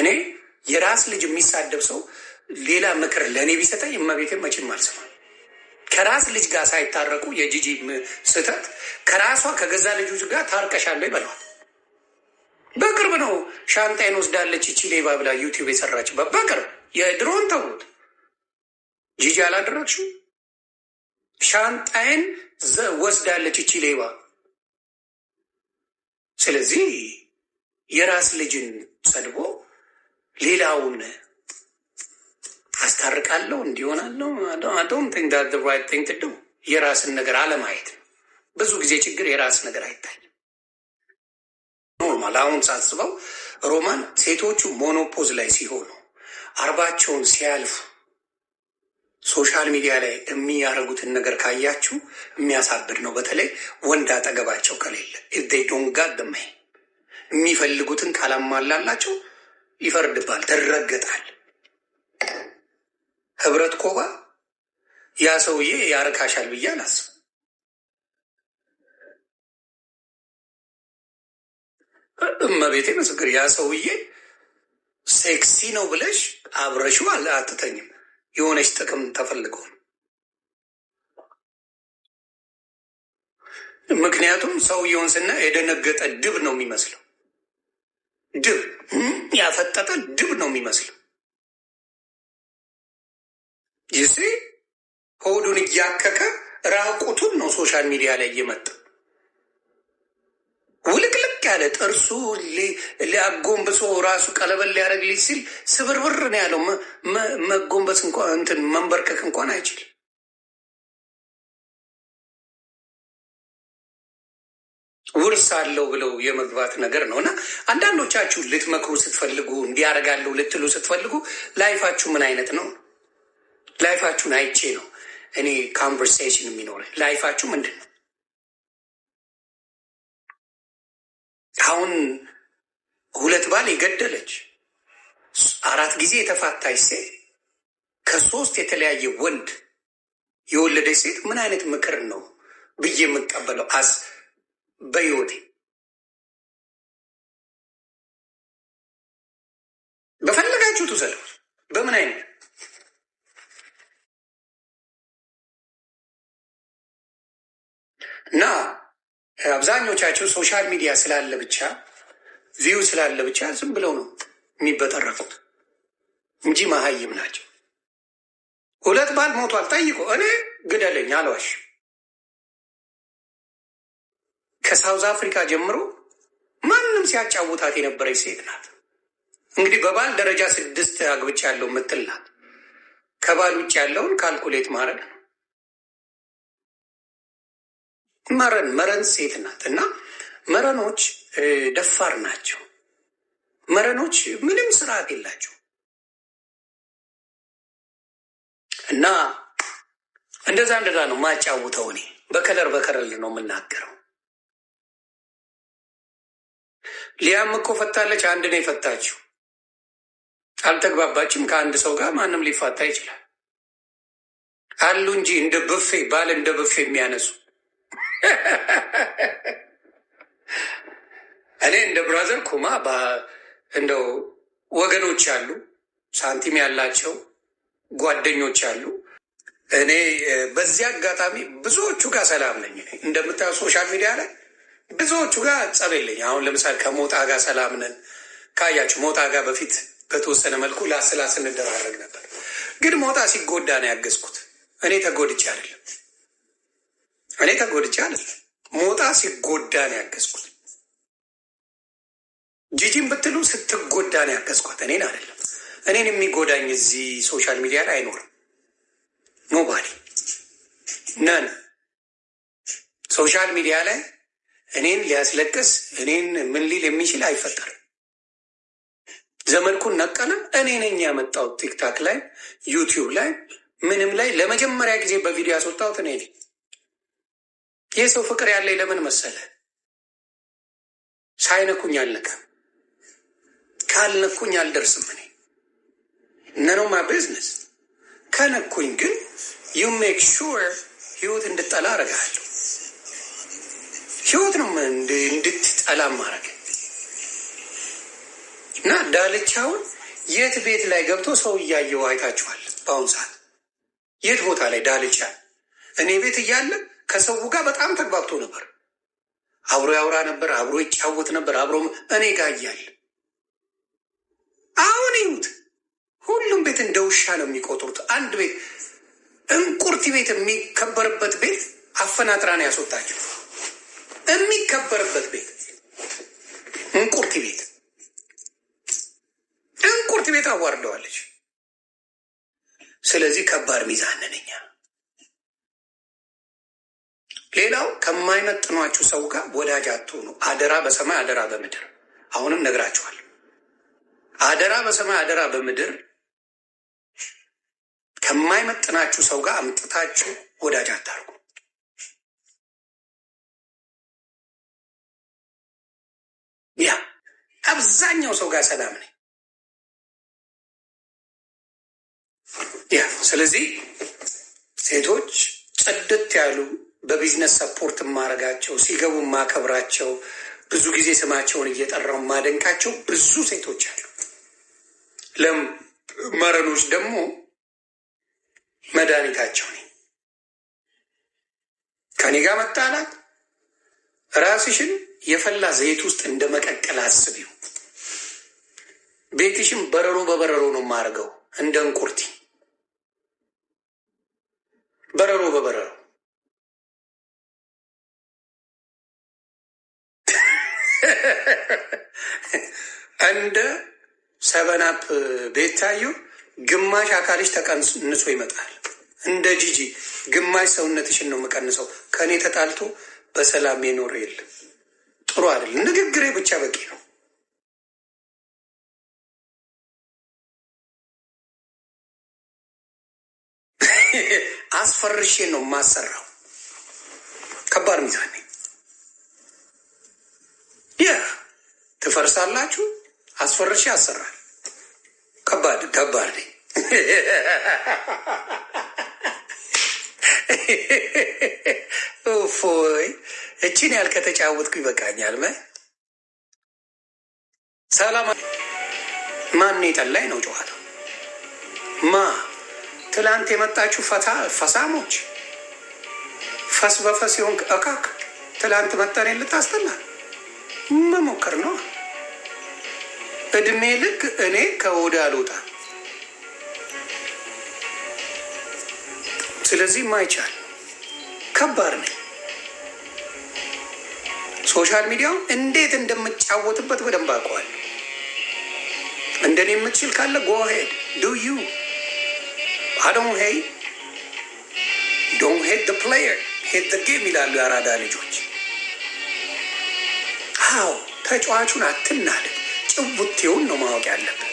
እኔ የራስ ልጅ የሚሳደብ ሰው ሌላ ምክር ለእኔ ቢሰጠኝ እመቤቴ መቼም አልሰማም። ከራስ ልጅ ጋር ሳይታረቁ የጂጂ ስህተት ከራሷ ከገዛ ልጆች ጋር ታርቀሻለ ይበለዋል። በቅርብ ነው ሻንጣይን ወስዳለች ይቺ ሌባ ብላ ዩቲዩብ የሰራች በቅርብ የድሮን ተውት። ጂጂ አላደረግሽው ሻንጣይን ወስዳለች ይቺ ሌባ። ስለዚህ የራስ ልጅን ሰድቦ ሌላውን አስታርቃለሁ እንዲሆናለሁ አዶን የራስን ነገር አለማየት ነው። ብዙ ጊዜ ችግር የራስ ነገር አይታይም። ኖርማል አሁን ሳስበው ሮማን ሴቶቹ ሞኖፖዝ ላይ ሲሆኑ አርባቸውን ሲያልፉ ሶሻል ሚዲያ ላይ የሚያደርጉትን ነገር ካያችሁ የሚያሳብድ ነው። በተለይ ወንድ አጠገባቸው ከሌለ ዶንጋ ደማይ የሚፈልጉትን ካላማላላቸው ይፈርድባል፣ ትረገጣል። ህብረት ኮባ ያ ሰውዬ ያርካሻል ብዬ አላስብ። እመቤቴ ምስክር፣ ያ ሰውዬ ሴክሲ ነው ብለሽ አብረሹ አትተኝም። የሆነች ጥቅም ተፈልገው ምክንያቱም ሰውየውን ስና የደነገጠ ድብ ነው የሚመስለው። ድብ ያፈጠጠ ድብ ነው የሚመስለው። ይስ ሆዱን እያከከ ራቁቱን ነው ሶሻል ሚዲያ ላይ እየመጣ ውልቅልቅ ያለ ጥርሱ ሊያጎንብሶ ራሱ ቀለበል ሊያደርግ ሲል ስብርብር ነው ያለው። መጎንበስ እንኳን እንትን መንበርከክ እንኳን አይችልም። ውርስ አለው ብለው የመግባት ነገር ነው እና አንዳንዶቻችሁ ልትመክሩ ስትፈልጉ እንዲያደርጋለሁ ልትሉ ስትፈልጉ ላይፋችሁ ምን አይነት ነው? ላይፋችሁን አይቼ ነው እኔ ካንቨርሴሽን የሚኖረ ላይፋችሁ ምንድን ነው? አሁን ሁለት ባል የገደለች አራት ጊዜ የተፋታች ሴት ከሶስት የተለያየ ወንድ የወለደች ሴት ምን አይነት ምክር ነው ብዬ የምቀበለው? በሕይወቴ በፈለጋችሁ ትውሰደው። በምን አይነት እና አብዛኞቻችሁ ሶሻል ሚዲያ ስላለ ብቻ ቪው ስላለ ብቻ ዝም ብለው ነው የሚበጠረቁት እንጂ መሀይም ናቸው። ሁለት ባል ሞቷል ጠይቆ እኔ ግደለኝ አለዋሽ? ከሳውዝ አፍሪካ ጀምሮ ማንም ሲያጫውታት የነበረች ሴት ናት። እንግዲህ በባል ደረጃ ስድስት አግብቻ ያለው ምትል ናት። ከባል ውጭ ያለውን ካልኩሌት ማረግ ነው። መረን መረን ሴት ናት እና መረኖች ደፋር ናቸው። መረኖች ምንም ስርዓት የላቸው እና እንደዛ እንደዛ ነው ማጫውተው። እኔ በከለር በከለል ነው የምናገረው። ሊያም እኮ ፈታለች። አንድ ነው የፈታችው። አልተግባባችም ከአንድ ሰው ጋር። ማንም ሊፋታ ይችላል አሉ እንጂ እንደ ብፌ ባል እንደ ብፌ የሚያነሱ እኔ እንደ ብራዘር ኩማ እንደው ወገኖች አሉ፣ ሳንቲም ያላቸው ጓደኞች አሉ። እኔ በዚህ አጋጣሚ ብዙዎቹ ጋር ሰላም ነኝ። እንደምታየው ሶሻል ሚዲያ ላይ ብዙዎቹ ጋር ጸብ የለኝ። አሁን ለምሳሌ ከሞጣ ጋር ሰላም ነን ካያችሁ፣ ሞጣ ጋር በፊት በተወሰነ መልኩ ላስላስ እንደራረግ ነበር፣ ግን ሞጣ ሲጎዳ ነው ያገዝኩት። እኔ ተጎድቼ አይደለም፣ እኔ ተጎድቼ አይደለም። ሞጣ ሲጎዳ ነው ያገዝኩት። ጂጂን ብትሉ ስትጎዳ ነው ያገዝኳት፣ እኔን አይደለም። እኔን የሚጎዳኝ እዚህ ሶሻል ሚዲያ ላይ አይኖርም። ኖባዲ ነን ሶሻል ሚዲያ ላይ እኔን ሊያስለቅስ እኔን ምን ሊል የሚችል አይፈጠርም። ዘመልኩን ነቀለም እኔ ነኝ ያመጣው። ቲክታክ ላይ ዩቲዩብ ላይ ምንም ላይ ለመጀመሪያ ጊዜ በቪዲዮ ያስወጣሁት እኔ ነኝ። የሰው ፍቅር ያለኝ ለምን መሰለ? ሳይነኩኝ አልነካም። ካልነኩኝ አልደርስም። እኔ ነነው ማ ቢዝነስ። ከነኩኝ ግን ዩ ሜክ ሹር ህይወት እንድጠላ አረጋለሁ። ህይወት ነው እንድትጠላ ማድረግ እና ዳልቻውን የት ቤት ላይ ገብቶ ሰው እያየው አይታችኋል። በአሁኑ ሰዓት የት ቦታ ላይ ዳልቻ እኔ ቤት እያለ ከሰው ጋር በጣም ተግባብቶ ነበር። አብሮ ያውራ ነበር፣ አብሮ ይጫወት ነበር፣ አብሮ እኔ ጋር እያለ አሁን ይሁት ሁሉም ቤት እንደ ውሻ ነው የሚቆጥሩት። አንድ ቤት እንቁርቲ ቤት የሚከበርበት ቤት አፈናጥራ ነው ያስወጣቸው። የሚከበርበት ቤት እንቁርቲ ቤት እንቁርቲ ቤት አዋርደዋለች። ስለዚህ ከባድ ሚዛን ነኛ። ሌላው ከማይመጥኗችሁ ሰው ጋር ወዳጅ አትሆኑ። አደራ በሰማይ አደራ በምድር አሁንም ነግራችኋል። አደራ በሰማይ አደራ በምድር ከማይመጥናችሁ ሰው ጋር አምጥታችሁ ወዳጅ አታርጉ። ያ አብዛኛው ሰው ጋር ሰላም ነኝ። ያ ስለዚህ ሴቶች ጽድት ያሉ በቢዝነስ ሰፖርት ማረጋቸው ሲገቡ ማከብራቸው ብዙ ጊዜ ስማቸውን እየጠራው ማደንቃቸው ብዙ ሴቶች አሉ። ለመረኖች ደግሞ መድኃኒታቸው ነኝ። ከኔ ጋር መጣላት ራስሽን የፈላ ዘይት ውስጥ እንደ መቀቀል አስቢው። ቤትሽም በረሮ በበረሮ ነው የማደርገው፣ እንደ እንቁርቲ በረሮ በበረሮ እንደ ሰበናፕ ታዩ። ግማሽ አካልሽ ተቀንሶ ይመጣል። እንደ ጂጂ ግማሽ ሰውነትሽን ነው የምቀንሰው። ከእኔ ተጣልቶ በሰላም የኖረ የለም። ጥሩ አይደለም። ንግግሬ ብቻ በቂ ነው። አስፈርሼ ነው የማሰራው። ከባድ ሚዛን ያ ትፈርሳላችሁ። አስፈርሼ አሰራል ከባድ ከባድ ነኝ። ፎይ እቺን ያህል ከተጫወትኩ ይበቃኛል። መ ሰላም ማን የጠላኝ ነው ጨዋታ ማ ትላንት የመጣችሁ ፈታ ፈሳሞች ፈስ በፈስ የሆን እካክ ትላንት መጠን ልታስጠላ መሞከር ነው። እድሜ ልክ እኔ ከወደ አልወጣ ስለዚህ ማይቻል ከባድ ነኝ። ሶሻል ሚዲያው እንዴት እንደምጫወትበት በደንብ አውቀዋል። እንደኔ የምትችል ካለ ጎ ጎሄድ ዱ ዩ አዶን ሄይ ዶን ሄድ ፕሌየር ሄድ ጌም ይላሉ የአራዳ ልጆች። አዎ ተጫዋቹን አትናደድ፣ ጭውቴውን ነው ማወቅ ያለብን።